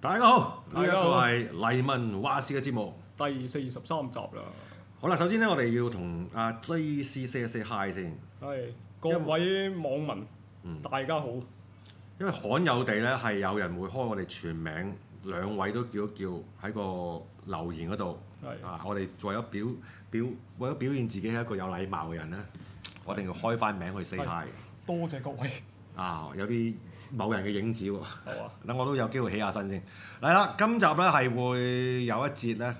大家好，大家好，呢個係《黎民話事》嘅節目第四十三集啦。好啦，首先呢，我哋要同阿 J C say 一 say hi 先。係各位網民，嗯、大家好。因為罕有地呢，係有人會開我哋全名，兩位都叫一叫喺個留言嗰度。是啊，我哋為咗表表為咗表現自己係一個有禮貌嘅人呢，是我一定要開翻名去 say hi。多謝各位。啊，有啲某人嘅影子喎。等、啊、 我都有機會起下身先。嚟啦，今集咧係會有一節咧，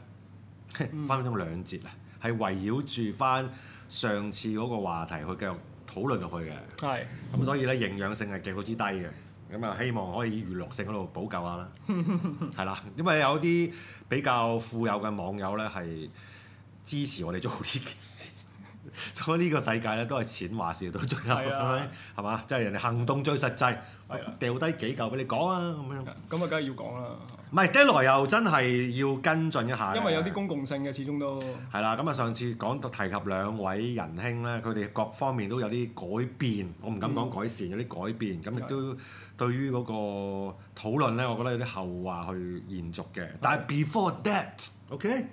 嗯、 分分鐘兩節啊，係圍繞住翻上次嗰個話題去繼續討論落去嘅。係、嗯。咁所以咧，營養性係極度之低嘅，咁啊希望可以喺娛樂性嗰度補救下啦。係啦、嗯， 因為有啲比較富有嘅網友咧係支持我哋做呢件事。 所以呢個世界咧都係錢話事，到最後係咪？係嘛，即係人哋行動最實際，掉低幾嚿俾你講啊咁樣。咁啊，梗係、啊、嗎要講啦。唔係，得來又真係要跟進一下，因為有啲公共性嘅，始終都係啦。咁啊，上次講到提及兩位仁兄咧，佢哋各方面都有啲改變，我唔敢講改善，嗯、有啲改變。咁亦都對於嗰個討論咧，我覺得有啲後話去延續嘅。啊、但係 before that，OK，、okay?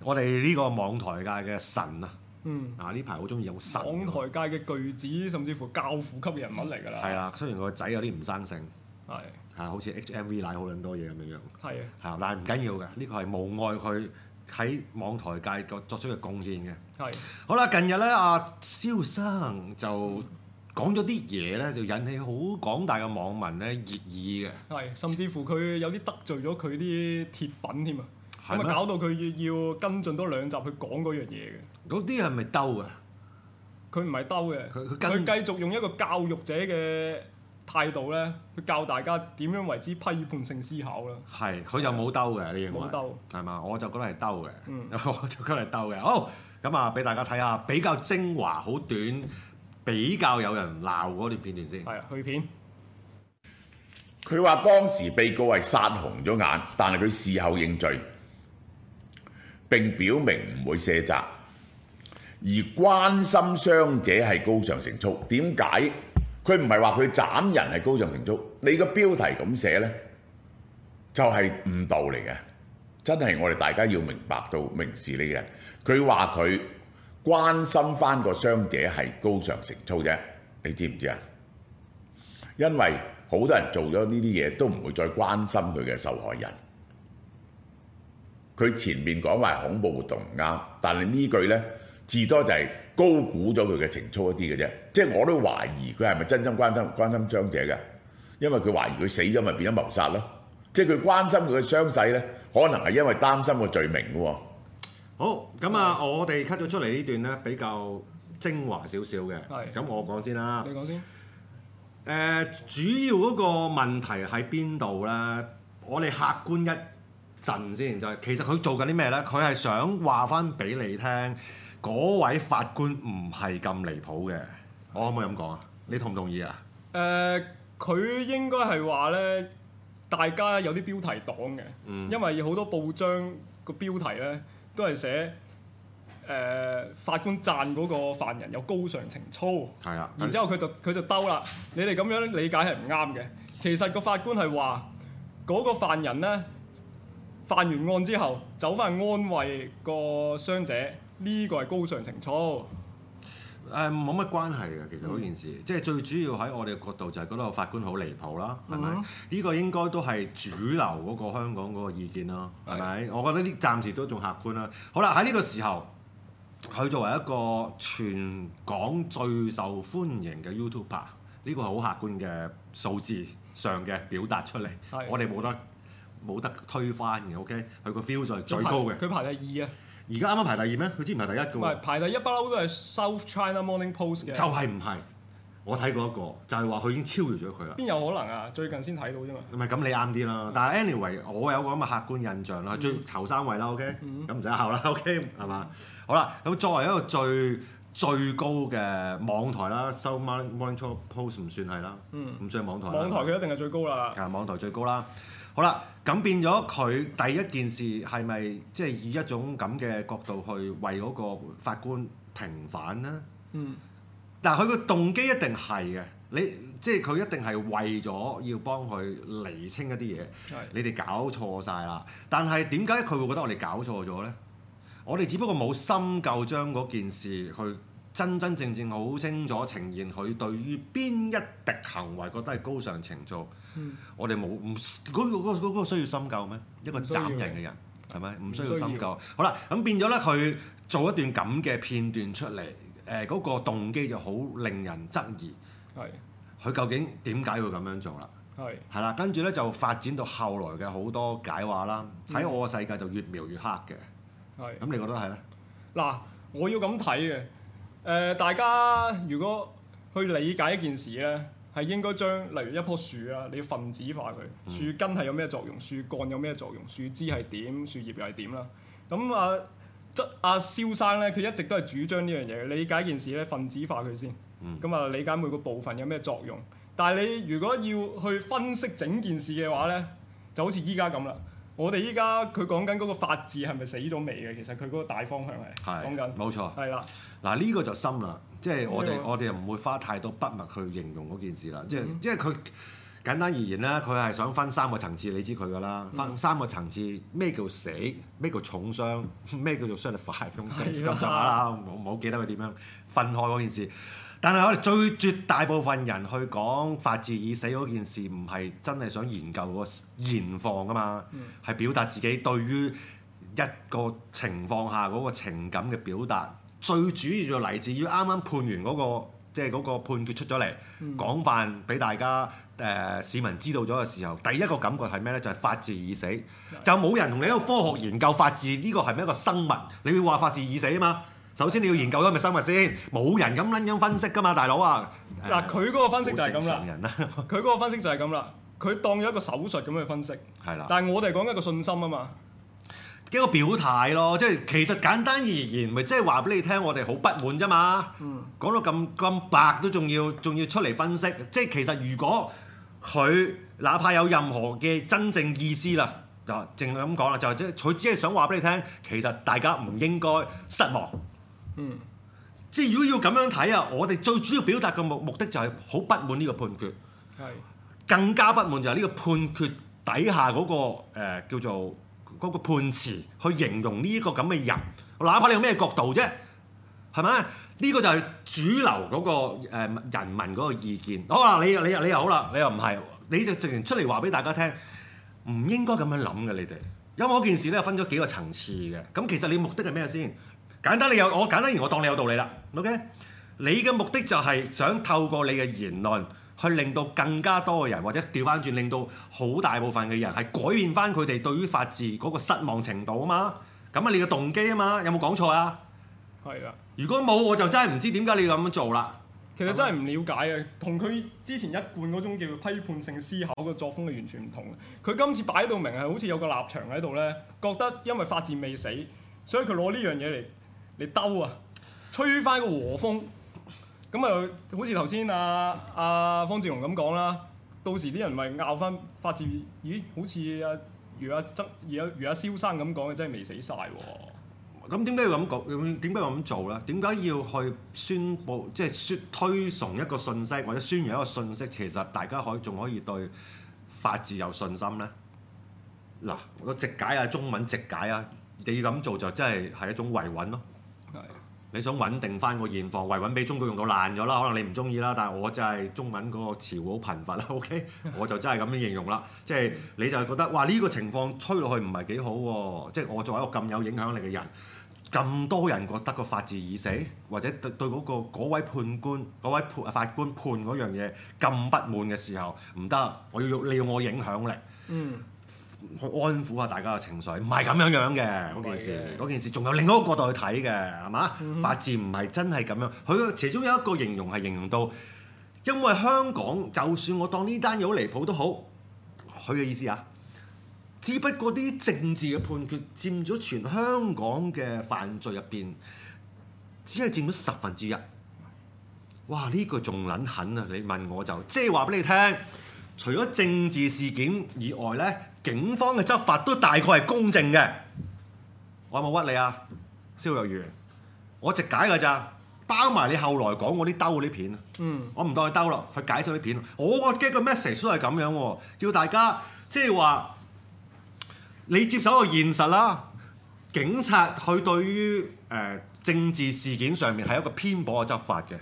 我哋呢個網台界嘅神啊！嗯，啊呢排好中意有神。網台界嘅巨子，甚至乎教父級嘅人物嚟噶啦。係啦、嗯，雖然佢個仔有啲唔生性，係係的好似 H M V 奶好撚多嘢咁樣樣。係啊的，但係唔緊要嘅，呢個係無礙佢喺網台界作作出嘅貢獻嘅。係的好啦，近日咧，阿、啊、蕭生就講咗啲嘢咧，就引起好廣大嘅網民咧熱議嘅。係，甚至乎佢有啲得罪咗佢啲鐵粉添啊，咁啊搞到佢要要跟進多兩集去講嗰樣嘢嘅。嗰啲係咪兜啊？佢唔係兜嘅，佢佢繼續用一個教育者嘅態度咧，去教大家點樣為之批判性思考啦。係，佢就冇兜嘅呢樣嘢，係嘛？我就覺得係兜嘅，嗯、 我就覺得係兜嘅。好，咁啊，俾大家睇下比較精華、好短、比較有人鬧嗰段片段先。係、啊、去片。佢話當時被告係殺紅咗眼，但係佢事後認罪，並表明唔會卸責。而關心傷者係高尚情操，點解佢唔係話佢斬人係高尚情操？你個標題咁寫咧，就係誤導嚟嘅。真係我哋大家要明白到明事理嘅人，佢話佢關心翻個傷者係高尚情操啫。你知唔知啊？因為好多人做咗呢啲嘢都唔會再關心佢嘅受害人。佢前面講話恐怖活動唔啱，但係呢句咧。至多就係高估咗佢嘅情操一啲嘅啫，即係我都懷疑佢係咪真心關心關心傷者嘅，因為佢懷疑佢死咗咪變咗謀殺咯，即係佢關心佢嘅傷勢咧，可能係因為擔心個罪名嘅喎。好，咁啊，啊我哋 cut 咗出嚟呢段咧比較精華少少嘅，咁的我講先啦。你講先。誒、呃，主要嗰個問題喺邊度咧？我哋客觀一陣先，就係其實佢做緊啲咩咧？佢係想話翻俾你聽。嗰位法官唔係咁離譜嘅，oh. 我可唔可以咁講啊？你同唔同意啊？誒、呃，佢應該係話咧，大家有啲標題黨嘅，嗯、因為好多報章個標題咧都係寫誒、呃、法官讚嗰個犯人有高尚情操，係啊，然之後佢就佢就兜啦。你哋咁樣理解係唔啱嘅，其實個法官係話嗰個犯人咧犯完案之後走返去安慰個傷者。呢個係高尚情操。誒，冇乜關係嘅，其實嗰件事，即係最主要喺我哋嘅角度就係覺得個法官好離譜啦，係咪、嗯？呢、呢個應該都係主流嗰個香港嗰個意見咯，係咪是的？我覺得呢暫時都仲客觀啦。好啦，喺呢個時候，佢作為一個全港最受歡迎嘅 YouTuber，呢個係好客觀嘅數字上嘅表達出嚟，是的 我哋冇得冇得推翻嘅。OK，佢個 view 就係最高嘅，佢排，排第二啊。而家啱啱排第二咩？佢之前第、喔、排第一嘅。唔係排第一不嬲都係 South China Morning Post 嘅。就係唔係？我睇過一個，就係話佢已經超越咗佢啦。邊有可能啊？最近先睇到啫嘛、嗯。唔係咁，你啱啲啦。但係 anyway，我有個咁嘅客觀印象啦，嗯、最頭三位啦，OK 嗯啦。Okay? 嗯。咁唔使拗啦，OK，係嘛？好啦，咁作為一個最最高嘅網台啦，South Morning Morning Post 唔算係啦。唔算、嗯、網台。網台佢一定係最高啦。啊、嗯，網台最高啦。好啦，咁變咗佢第一件事係咪即係以一種咁嘅角度去為嗰個法官平反咧？嗯，但係佢個動機一定係嘅，你即係佢一定係為咗要幫佢釐清一啲嘢，是的 你哋搞錯晒啦。但係點解佢會覺得我哋搞錯咗咧？我哋只不過冇深究將嗰件事去。真真正正好清楚呈現佢對於邊一啲行為覺得係高尚情操，嗯我。我哋冇唔嗰個嗰個嗰個需要深究咩？一個斬人嘅人係咪唔需要深究？好啦，咁變咗咧，佢做一段咁嘅片段出嚟，誒、那、嗰個動機就好令人質疑是。佢究竟點解會咁樣做是啦？係係啦，跟住咧就發展到後來嘅好多解話啦，喺、嗯、我個世界就越描越黑嘅。係咁是，你覺得係咧？嗱，我要咁睇嘅。誒、呃，大家如果去理解一件事咧，係應該將例如一棵樹啊，你要分子化佢，樹根係有咩作用，樹幹有咩作用，樹枝係點，樹葉又係點啦。咁啊，則、啊、阿蕭生咧，佢一直都係主張呢樣嘢，理解一件事咧，分子化佢先。咁、嗯、啊，理解每個部分有咩作用。但係你如果要去分析整件事嘅話咧，就好似依家咁啦。我哋依家佢講緊嗰個法治係咪死咗未？嘅？其實佢嗰個大方向係講緊冇錯，係啦的。嗱呢個就深啦，即、就、係、是、我哋這個 我哋就唔會花太多筆墨去形容嗰件事啦。即、就、係、是嗯、因為佢簡單而言啦，佢係想分三個層次，你知佢噶啦。分三個層次，咩叫死？咩叫重傷？咩叫做傷得快？咁咁就下啦。是的 我冇記得佢點樣分開嗰件事。但係我哋最絕大部分人去講法治已死嗰件事，唔係真係想研究個現況㗎嘛？係、嗯、表達自己對於一個情況下嗰個情感嘅表達。最主要就嚟自於啱啱判完嗰、那個，即係嗰個判決出咗嚟，嗯、廣泛俾大家誒、呃、市民知道咗嘅時候，第一個感覺係咩咧？就係、是、法治已死，就冇人同你一個科學研究法治呢個係咪一個生物？你會話法治已死啊嘛？首先你要研究咗係咪生物先，冇人咁樣樣分析噶嘛，大佬啊！嗱、哎呀，佢嗰個分析就係咁啦。佢嗰個分析就係咁啦，佢 當咗一個手術咁去分析。係啦的。但係我哋講一個信心啊嘛，一個表態咯，即係其實簡單而言，咪即係話俾你聽，我哋好不滿啫嘛。嗯。講到咁咁白都仲要仲要出嚟分析，即係其實如果佢哪怕有任何嘅真正意思啦，啊，淨係咁講啦，就係即係佢只係想話俾你聽，其實大家唔應該失望。嗯，即係如果要咁樣睇啊，我哋最主要表達嘅目目的就係好不滿呢個判決，係是的 更加不滿就係呢個判決底下嗰，那個誒、呃、叫做嗰，那個判詞，去形容呢一個咁嘅人，哪怕你有咩角度啫，係咪？呢，這個就係主流嗰，那個誒、呃、人民嗰個意見。好啦，你你你又好啦，你又唔係，你就直情出嚟話俾大家聽，唔應該咁樣諗嘅。你哋，因為嗰件事咧分咗幾個層次嘅，咁其實你目的係咩先？簡單你有我簡單，而我當你有道理啦。OK，你嘅目的就係想透過你嘅言論，去令到更加多嘅人，或者掉返轉，令到好大部分嘅人係改變返佢哋對於法治嗰個失望程度啊嘛。咁啊，你嘅動機啊嘛，有冇講錯啊？係啊的。如果冇，我就真係唔知點解你要咁樣做啦。其實真係唔了解啊，同佢吧之前一貫嗰種叫批判性思考嘅作風係完全唔同。佢今次擺到明係好似有個立場喺度咧，覺得因為法治未死，所以佢攞呢樣嘢嚟。你兜啊，吹翻個和風，咁啊，好似頭先阿阿方智龍咁講啦。到時啲人咪拗翻法治，咦？好似阿、啊、如阿、啊、曾，而阿如阿、啊啊啊、蕭生咁講嘅，真係未死晒喎、啊。咁點解要咁講？點解要咁做咧？點解要去宣佈，即係宣推崇一個信息，或者宣揚一個信息，其實大家可以仲可以對法治有信心咧？嗱，我覺得直解啊，中文直解啊，你咁做就真係係一種維穩咯、啊。你想穩定翻個現況，維穩俾中國用到爛咗啦。可能你唔中意啦，但係我就係中文嗰個詞彙好貧乏啦。OK，我就真係咁樣形容啦。即係你就係覺得哇，呢個情況吹落去唔係幾好喎。即係我作為一個咁有影響力嘅人，咁多人覺得個法治已死，或者對對嗰個嗰位判官嗰位判法官判嗰樣嘢咁不滿嘅時候，唔得，我要用利用我影響力，嗯去安撫下大家嘅情緒，唔係咁樣樣嘅嗰件事，嗰件事仲有另一個角度去睇嘅，係嘛？八字唔係真係咁樣，佢其中有一個形容係形容到，因為香港就算我當呢單嘢好離譜都好，佢嘅意思啊，只不過啲政治嘅判決佔咗全香港嘅犯罪入邊，只係佔咗十分之一。哇！呢句仲撚狠，狠啊！你問我就即係話俾你聽，除咗政治事件以外呢。警方嘅執法都大概係公正嘅，我有冇屈你啊，蕭若元？我直解㗎咋，包埋你後來講嗰啲兜嗰啲片。嗯，我唔當佢兜咯，去解咗啲片。我 get 個嘅 message 都係咁樣，叫大家即係話你接手個現實啦。警察佢對於誒、呃、政治事件上面係一個偏頗嘅執法嘅，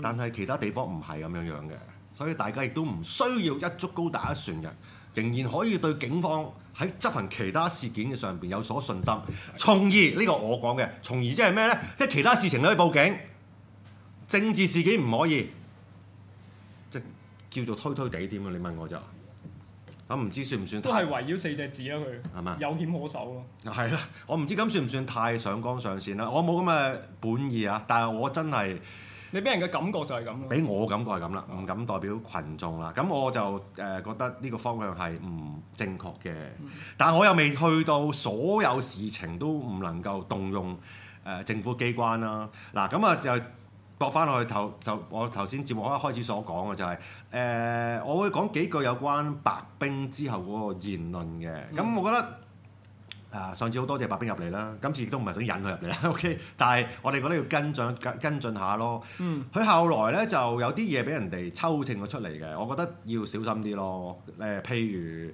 但係其他地方唔係咁樣樣嘅，所以大家亦都唔需要一竹篙打一船人。仍然可以對警方喺執行其他事件嘅上邊有所信心。是的 從、這個，從而呢個我講嘅，從而即係咩呢？即係其他事情都可以報警，政治事件唔可以，即叫做推推地添喎。你問我就，我唔知算唔算都係圍繞四隻字啊，佢嗎有險可守咯。係啦，我唔知咁算唔算太上綱上線啦？我冇咁嘅本意啊，但係我真係。你俾人嘅感覺就係咁，俾我嘅感覺係咁啦，唔、嗯、敢代表群眾啦。咁我就誒、呃、覺得呢個方向係唔正確嘅，嗯、但我又未去到所有事情都唔能夠動用誒、呃、政府機關啦。嗱、啊，咁啊又駁翻落去頭就我頭先節目開始所講嘅就係、是、誒、呃，我會講幾句有關白冰之後嗰個言論嘅。咁、嗯、我覺得。啊！上次好多謝白冰入嚟啦，今次亦都唔係想引佢入嚟啦。OK，但係我哋覺得要跟進跟跟進下咯。佢、嗯、後來咧就有啲嘢俾人哋抽證咗出嚟嘅，我覺得要小心啲咯。誒，譬如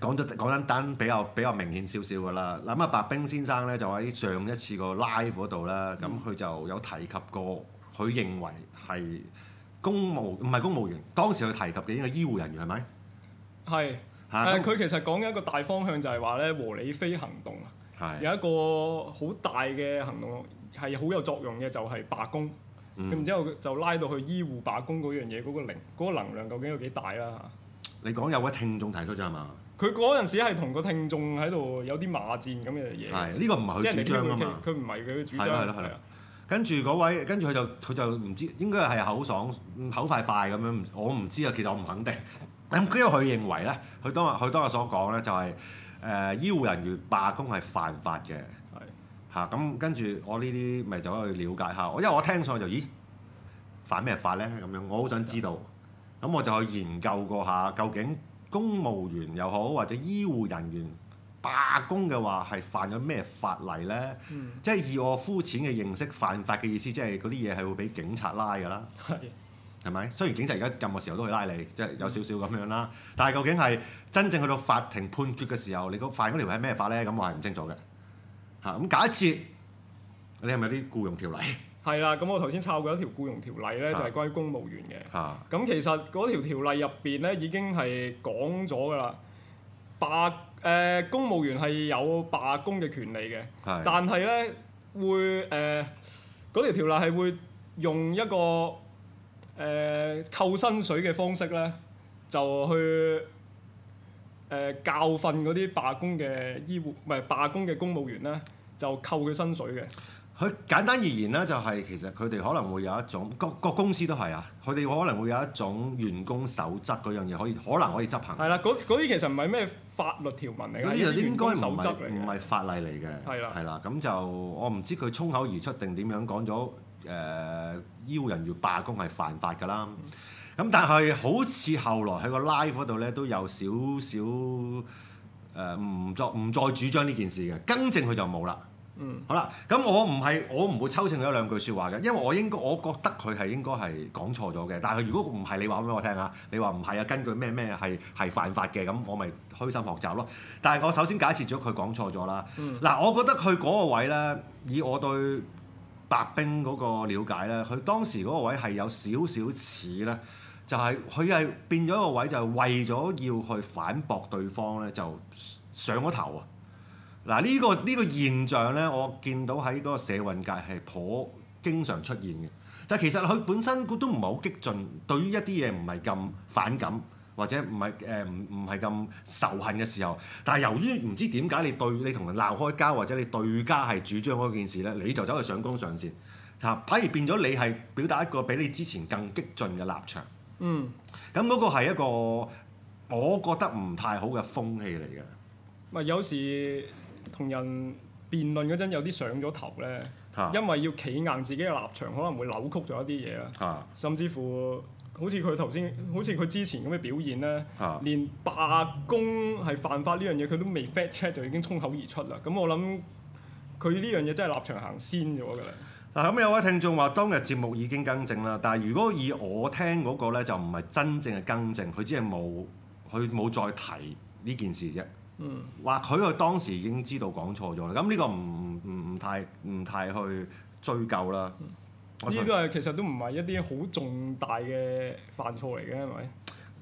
講咗講一單比較比較明顯少少嘅啦。咁啊，白冰先生咧就喺上一次個 live 嗰度啦，咁佢、嗯、就有提及過，佢認為係公務唔係公務員，當時佢提及嘅應該係醫護人員係咪？係。誒佢、嗯、其實講緊一個大方向就係話咧，和理非行動啊，的有一個好大嘅行動係好有作用嘅，就係、是、罷工。咁之、嗯、後就拉到去醫護罷工嗰樣嘢，嗰、那個靈、那個、能量究竟有幾大啦？你講有位聽眾提出啫係嘛？佢嗰陣時係同個聽眾喺度有啲罵戰咁嘅嘢。係呢個唔係佢主張啊嘛。佢唔係佢嘅主張。係的跟住嗰位，跟住佢就佢就唔知應該係口爽口快快咁樣，我唔知啊，其實我唔肯定。 咁跟住佢認為咧，佢當日佢當日所講咧就係、是、誒、呃、醫護人員罷工係犯法嘅，係吓，咁跟住我呢啲咪就去了解下。因為我聽上去就咦犯咩法咧咁樣，我好想知道。咁我就去研究過下，究竟公務員又好或者醫護人員罷工嘅話，係犯咗咩法例咧？嗯、即係以我膚淺嘅認識，犯法嘅意思即係嗰啲嘢係會俾警察拉㗎啦。係咪？雖然警察而家任何時候都去拉你，即、就、係、是、有少少咁樣啦。但係究竟係真正去到法庭判決嘅時候，你個犯嗰條係咩法咧？咁我係唔清楚嘅。嚇、嗯、咁假設你係咪啲僱傭條例？係啦、啊，咁我頭先抄過一條僱傭條例咧，就係、是、關於公務員嘅。嚇、啊！咁、啊、其實嗰條條例入邊咧，已經係講咗㗎啦。罷誒、呃，公務員係有罷工嘅權利嘅。啊、但係咧，會誒嗰、呃、條條例係會用一個。誒、呃、扣薪水嘅方式咧，就去誒、呃、教訓嗰啲罷工嘅醫護，唔、呃、係罷工嘅公務員咧，就扣佢薪水嘅。佢簡單而言咧、就係，就係其實佢哋可能會有一種，各各公司都係啊，佢哋可能會有一種員工守則嗰樣嘢，可以可能可以執行。係啦，嗰啲、嗰個嗰個、其實唔係咩法律條文嚟嘅，呢樣啲應該唔係唔係法例嚟嘅。係啦了，係啦，咁就我唔知佢衝口而出定點樣講咗。誒、呃、醫護人員罷工係犯法㗎啦，咁、嗯、但係好似後來喺個 live 嗰度咧都有少少誒唔再唔再主張呢件事嘅，更正佢就冇啦。嗯、好啦，咁我唔係我唔會抽證佢一兩句説話嘅，因為我應該我覺得佢係應該係講錯咗嘅。但係如果唔係你話俾我聽啊，你話唔係啊，根據咩咩係係犯法嘅，咁我咪虛心學習咯。但係我首先假設咗佢講錯咗啦。嗱、嗯嗯，我覺得佢嗰個位咧，以我對。白冰嗰個了解咧，佢當時嗰個位係有少少似咧，就係佢係變咗個位，就係為咗要去反駁對方咧，就上咗頭啊、這個！嗱，呢個呢個現象咧，我見到喺嗰個社運界係頗經常出現嘅，就其實佢本身都唔係好激進，對於一啲嘢唔係咁反感。或者唔係誒唔唔係咁仇恨嘅時候，但係由於唔知點解你對你同人鬧開交，或者你對家係主張嗰件事咧，你就走去上綱上線，嚇反而變咗你係表達一個比你之前更激進嘅立場。嗯，咁嗰個係一個我覺得唔太好嘅風氣嚟嘅。咪、嗯、有時同人辯論嗰陣有啲上咗頭咧，啊、因為要企硬自己嘅立場，可能會扭曲咗一啲嘢啦，啊啊、甚至乎。好似佢頭先，好似佢之前咁嘅表現咧，啊、連罷工係犯法呢樣嘢，佢都未 fact check 就已經衝口而出啦。咁我諗佢呢樣嘢真係立場行先咗㗎啦。嗱、嗯，咁有位聽眾話當日節目已經更正啦，但係如果以我聽嗰個咧，就唔係真正嘅更正，佢只係冇佢冇再提呢件事啫。話佢佢當時已經知道講錯咗啦。咁呢個唔唔唔太唔太去追究啦。嗯呢啲都係其實都唔係一啲好重大嘅犯錯嚟嘅，係咪？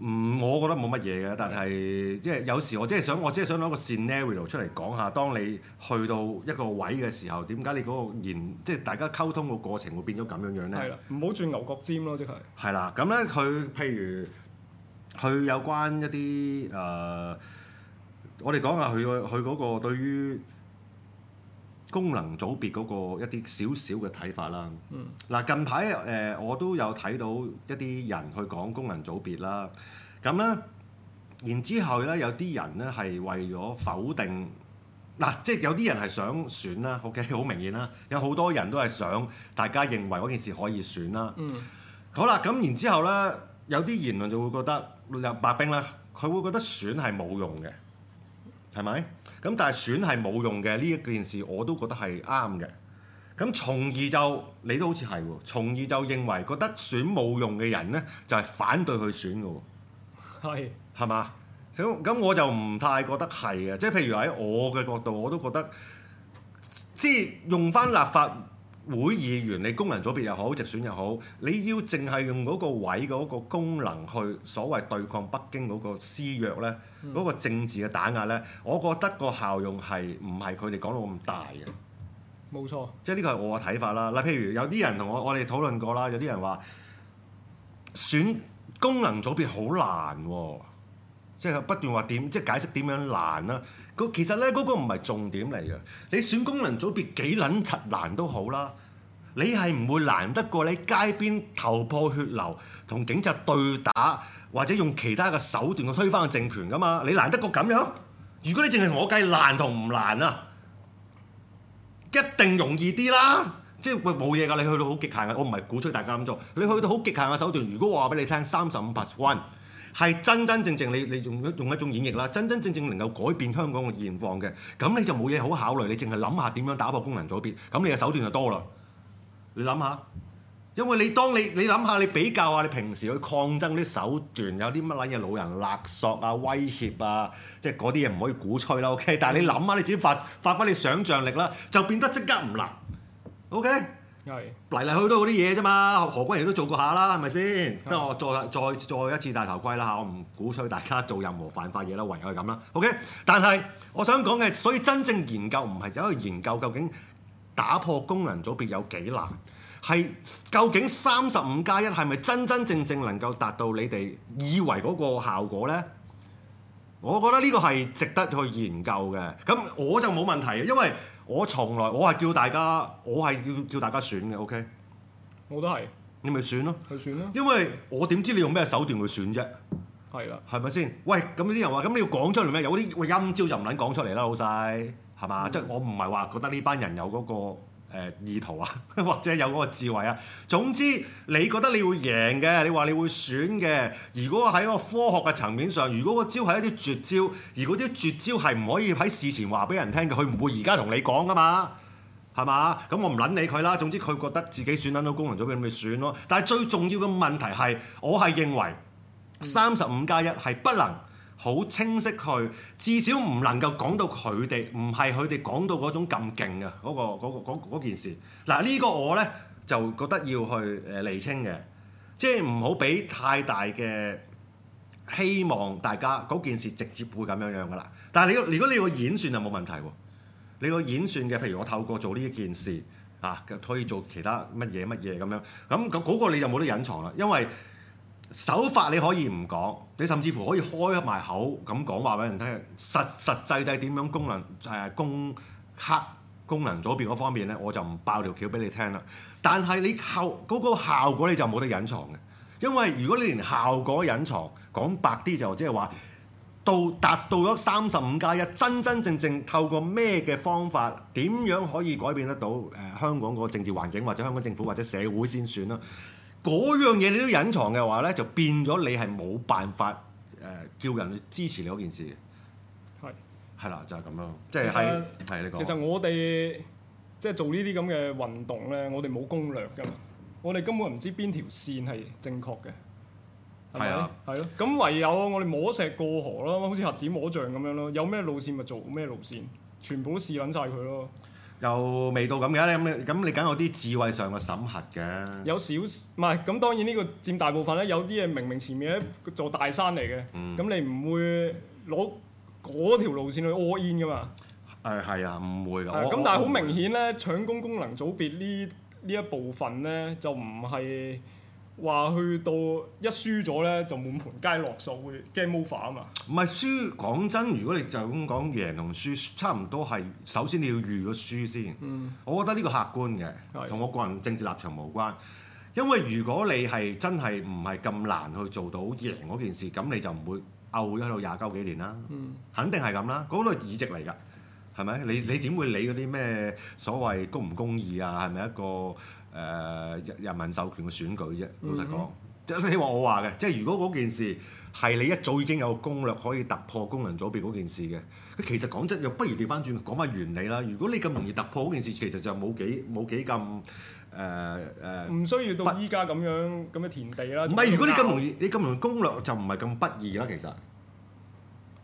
唔、嗯，我覺得冇乜嘢嘅，但係即係有時我即係想，我即係想攞個 scenario 出嚟講下，當你去到一個位嘅時候，點解你嗰個言即係、就是、大家溝通個過程會變咗咁樣樣咧？係啦，唔好轉牛角尖咯，即、就、係、是。係啦，咁咧佢譬如佢有關一啲誒、呃，我哋講下佢佢嗰個對於。功能組別嗰個一啲少少嘅睇法啦，嗱、嗯、近排誒、呃、我都有睇到一啲人去講功能組別啦，咁咧然之後咧有啲人咧係為咗否定，嗱、啊、即係有啲人係想選啦，OK 好明顯啦，有好多人都係想大家認為嗰件事可以選啦，嗯、好啦咁然之後咧有啲言論就會覺得白冰啦，佢會覺得選係冇用嘅。係咪？咁但係選係冇用嘅呢一件事，我都覺得係啱嘅。咁從而就你都好似係喎，從而就認為覺得選冇用嘅人咧，就係、係、反對佢選嘅喎。係係嘛？咁咁我就唔太覺得係嘅。即係譬如喺我嘅角度，我都覺得即係用翻立法。會議員，你功能組別又好，直選又好，你要淨係用嗰個位嗰個功能去所謂對抗北京嗰個施壓咧，嗰、嗯、個政治嘅打壓咧，我覺得個效用係唔係佢哋講到咁大嘅？冇沒錯，即係呢個係我嘅睇法啦。嗱，譬如有啲人同我我哋討論過啦，有啲人話選功能組別好難喎、哦。即係不斷話點，即係解釋點樣難啦、啊。其實咧嗰、那個唔係重點嚟嘅。你選功能組別幾撚柒難都好啦。你係唔會難得過你街邊頭破血流同警察對打或者用其他嘅手段去推翻個政權噶嘛？你難得過咁樣？如果你淨係同我計難同唔難啊，一定容易啲啦。即係喂冇嘢㗎，你去到好極限嘅，我唔係鼓吹大家咁做。你去到好極限嘅手段，如果我話俾你聽，三十五 plus one。1，係真真正正你你用一用一種演繹啦，真真正正能夠改變香港嘅現況嘅，咁你就冇嘢好考慮，你淨係諗下點樣打破功能組別，咁你嘅手段就多啦。你諗下，因為你當你你諗下你比較下，你平時去抗爭啲手段有啲乜撚嘢？老人勒索啊、威脅啊，即係嗰啲嘢唔可以鼓吹啦。OK，但係你諗下，你自己發發揮你想像力啦，就變得即刻唔難。OK。嚟嚟去都嗰啲嘢啫嘛，何君堯都做過下啦，係咪先？咁我是的 再再再一次戴頭盔啦嚇，我唔鼓吹大家做任何犯法嘢啦，唯有係咁啦。OK，但係我想講嘅，所以真正研究唔係走去研究究竟打破功能組別有幾難，係究竟三十五加一係咪真真正正能夠達到你哋以為嗰個效果咧？我覺得呢個係值得去研究嘅，咁我就冇問題嘅，因為。我從來我係叫大家，我係叫叫大家選嘅，OK？我都係，你咪選咯，去選咯。因為我點知你用咩手段去選啫？係啦，係咪先？喂，咁啲人話，咁你要講出嚟咩？有啲喂，陰招就唔撚講出嚟啦，老細，係嘛？即係、嗯、我唔係話覺得呢班人有嗰個。誒、呃、意圖啊，或者有嗰個智慧啊。總之你覺得你會贏嘅，你話你會選嘅。如果喺個科學嘅層面上，如果個招係一啲絕招，而嗰啲絕招係唔可以喺事前話俾人聽嘅，佢唔會而家同你講㗎嘛，係嘛？咁我唔撚理佢啦。總之佢覺得自己選撚到功能組別，咪選咯，啊。但係最重要嘅問題係，我係認為三十五加一係不能。好清晰佢，至少唔能夠講到佢哋，唔係佢哋講到嗰種咁勁嘅嗰個、嗰個嗰個、件事。嗱呢、呢個我呢，就覺得要去誒釐清嘅，即係唔好俾太大嘅希望大家嗰件事直接會咁樣樣噶啦。但係你如果你個演算就冇問題喎，你個演算嘅譬如我透過做呢一件事啊，可以做其他乜嘢乜嘢咁樣，咁咁嗰個你就冇得隱藏啦，因為。手法你可以唔講，你甚至乎可以開埋口咁講話俾人聽。實實際際點樣功能誒攻客功能組別嗰方面咧，我就唔爆條橋俾你聽啦。但係你效嗰、嗰個效果你就冇得隱藏嘅，因為如果你連效果隱藏講白啲就即係話到達到咗三十五加一，1, 真真正正透過咩嘅方法，點樣可以改變得到誒、呃、香港個政治環境，或者香港政府或者社會先算啦。嗰樣嘢你都隱藏嘅話咧，就變咗你係冇辦法誒叫人去支持你嗰件事嘅。係是。係啦，就係咁咯。即係係係你講。其實我哋即係做呢啲咁嘅運動咧，我哋冇攻略噶嘛，我哋根本唔知邊條線係正確嘅。係啊。係咯的。咁唯有我哋摸石過河咯，好似核子摸象咁樣咯，有咩路線咪做咩路線，全部都試緊晒佢咯。又未到咁嘅，咁咁你梗有啲智慧上嘅審核嘅。有少唔係，咁當然呢個佔大部分咧，有啲嘢明明前面一座大山嚟嘅，咁、嗯、你唔會攞嗰條路線去屙煙㗎嘛、呃。誒係啊，唔會㗎。咁但係好明顯咧，搶攻功能組別呢呢一,一部分咧，就唔係，話去到一輸咗咧，就滿盤皆落數，會 game over 啊嘛。唔係輸，講真，如果你就咁講贏同輸差唔多，係首先你要預咗輸先。嗯、我覺得呢個客觀嘅，同是的 我個人政治立場無關。因為如果你係真係唔係咁難去做到贏嗰件事，咁你就唔會漚喺度廿九幾年啦。嗯、肯定係咁啦，嗰、嗰個議席嚟㗎，係咪？你你點會理嗰啲咩所謂公唔公義啊？係咪一個？誒、呃、人民授權嘅選舉啫，老實講、mm hmm.，即係你話我話嘅，即係如果嗰件事係你一早已經有攻略可以突破功能組別嗰件事嘅，其實講真又不如調翻轉講翻原理啦。如果你咁容易突破嗰件事，其實就冇幾冇幾咁誒誒。唔、呃、需要到依家咁樣咁嘅不 田地啦。唔係不，如果你咁容易，你咁容易攻略就唔係咁不易啦。其實、嗯、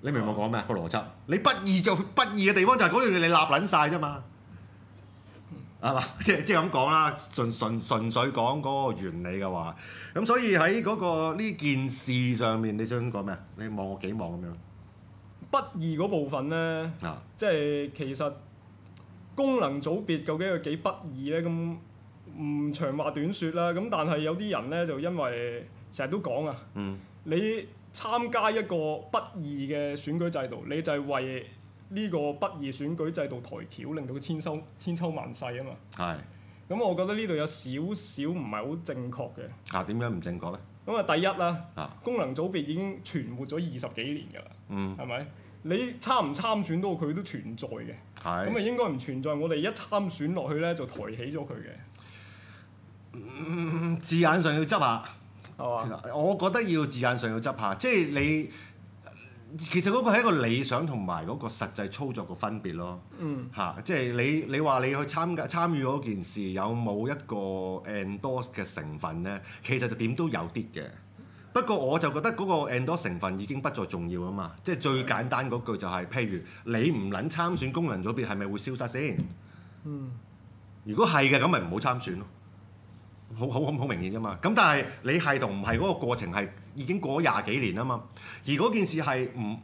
你明唔明我講咩？個邏輯，你不易就不易嘅地方就係嗰樣嘢你立撚晒啫嘛。即係即係咁講啦，純純純，純粹講嗰個原理嘅話，咁所以喺嗰、個呢件事上面，你想講咩啊？你望我幾望咁樣？不義嗰部分咧，即係其實功能組別究竟有幾不義咧？咁唔長話短説啦，咁但係有啲人咧就因為成日都講啊，嗯、你參加一個不義嘅選舉制度，你就係為呢個不義選舉制度抬轎，令到佢千秋千秋萬世啊嘛。係的。咁我覺得呢度有少少唔係好正確嘅。啊，點樣唔正確咧？咁啊，第一啦。功能組別已經存活咗二十幾年㗎啦。嗯。係咪？你參唔參選都佢都存在嘅。係的。咁啊，應該唔存在。我哋一參選落去咧，就抬起咗佢嘅。嗯。字眼上要執下，係嘛吧？我覺得要字眼上要執下，即係你。其實嗰個係一個理想同埋嗰個實際操作個分別咯、嗯，嚇，即係你你話你去參加參與嗰件事有冇一個 endorse 嘅成分咧？其實就點都有啲嘅。不過我就覺得嗰個 endorse 成分已經不再重要啊嘛。即係最簡單嗰句就係、是，譬如你唔撚參選功能組別，係咪會消失先？嗯，如果係嘅，咁咪唔好參選咯。好好好明顯啫嘛，咁但係你係同唔係嗰個過程係已經過咗廿幾年啊嘛，而嗰件事係唔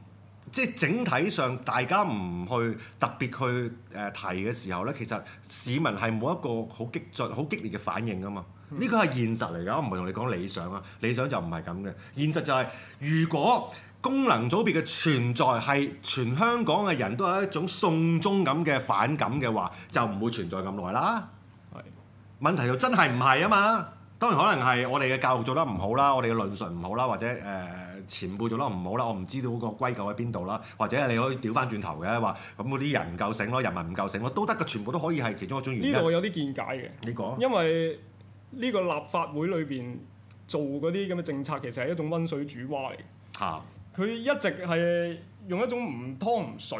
即係整體上大家唔去特別去誒、呃、提嘅時候咧，其實市民係冇一個好激進、好激烈嘅反應啊嘛，呢個係現實嚟噶，我唔係同你講理想啊，理想就唔係咁嘅，現實就係、是、如果功能組別嘅存在係全香港嘅人都有一種送終咁嘅反感嘅話，就唔會存在咁耐啦。問題就真係唔係啊嘛，當然可能係我哋嘅教育做得唔好啦，我哋嘅論述唔好啦，或者誒、呃、前輩做得唔好啦，我唔知道個歸咎喺邊度啦，或者你可以掉翻轉頭嘅話，咁嗰啲人唔夠醒咯，人民唔夠醒咯，都得嘅，全部都可以係其中一種原因。呢個我有啲見解嘅，你講說。因為呢個立法會裏邊做嗰啲咁嘅政策，其實係一種溫水煮蛙嚟嘅。嚇、啊！佢一直係用一種唔湯唔水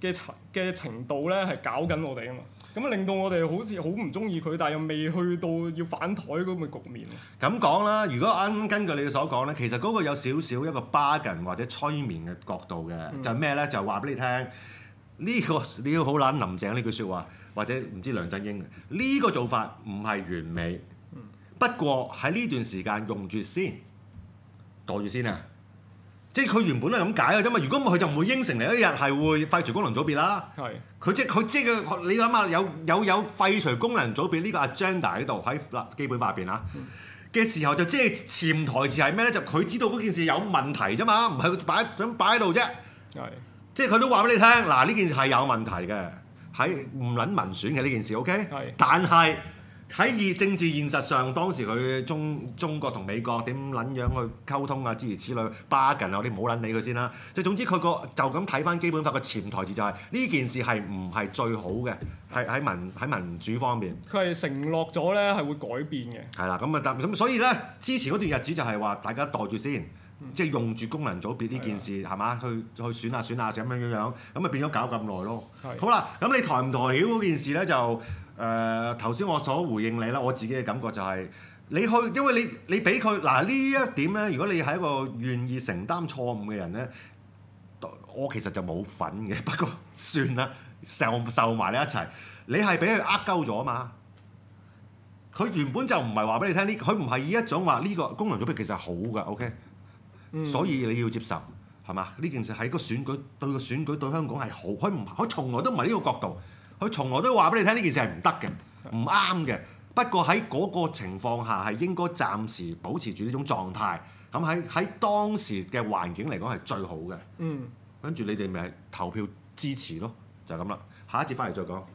嘅嘅程嘅程度咧，係搞緊我哋啊嘛。咁令到我哋好似好唔中意佢，但係又未去到要反台咁嘅局面。咁講啦，如果啱根據你嘅所講咧，其實嗰個有少少一個 bargain 或者催眠嘅角度嘅、嗯，就咩、係、咧？就係話俾你聽，呢個你要好揀林鄭呢句説話，或者唔知梁振英呢、呢個做法唔係完美。嗯、不過喺呢段時間用住先，袋住先啊！即係佢原本係咁解嘅啫嘛，如果唔係佢就唔會應承你一日係會廢除功能組別啦。係是的，佢即係佢即係佢你諗下有有有廢除功能組別呢個 agenda 喺度喺基本法入邊啊嘅時候，就即係潛台詞係咩咧？就佢知道嗰件事有問題啫嘛，唔係擺想擺喺度啫。係是的，即係佢都話俾你聽，嗱，呢件事係有問題嘅，喺唔撚民選嘅呢件事，OK？< 是的 S 1> 但係。喺政政治現實上，當時佢中中國同美國點撚樣去溝通啊？諸如此類，bargain 啊你唔好撚理佢先啦。即係總之，佢個就咁睇翻基本法個潛台詞就係呢件事係唔係最好嘅？係喺民喺民主方面，佢係承諾咗咧係會改變嘅。係啦，咁啊，咁所以咧之前嗰段日子就係話大家袋住先，即係用住功能組別呢件事係嘛？去去選下選下，就咁樣樣，咁啊變咗搞咁耐咯。好啦，咁你抬唔抬起嗰件事咧就？誒頭先我所回應你啦，我自己嘅感覺就係、是、你去，因為你你俾佢嗱呢一點咧，如果你係一個願意承擔錯誤嘅人咧，我其實就冇份嘅。不過算啦，受受埋你一齊，你係俾佢呃鳩咗啊嘛。佢原本就唔係話俾你聽呢，佢唔係以一種話呢、這個功能組別其實好噶，OK。嗯、所以你要接受係嘛？呢件事喺個選舉對個選，選舉對香港係好，佢唔佢從來都唔係呢個角度。佢從來都話俾你聽呢件事係唔得嘅，唔啱嘅。不過喺嗰個情況下係應該暫時保持住呢種狀態。咁喺喺當時嘅環境嚟講係最好嘅。跟住、嗯、你哋咪投票支持咯，就係咁啦。下一節翻嚟再講。嗯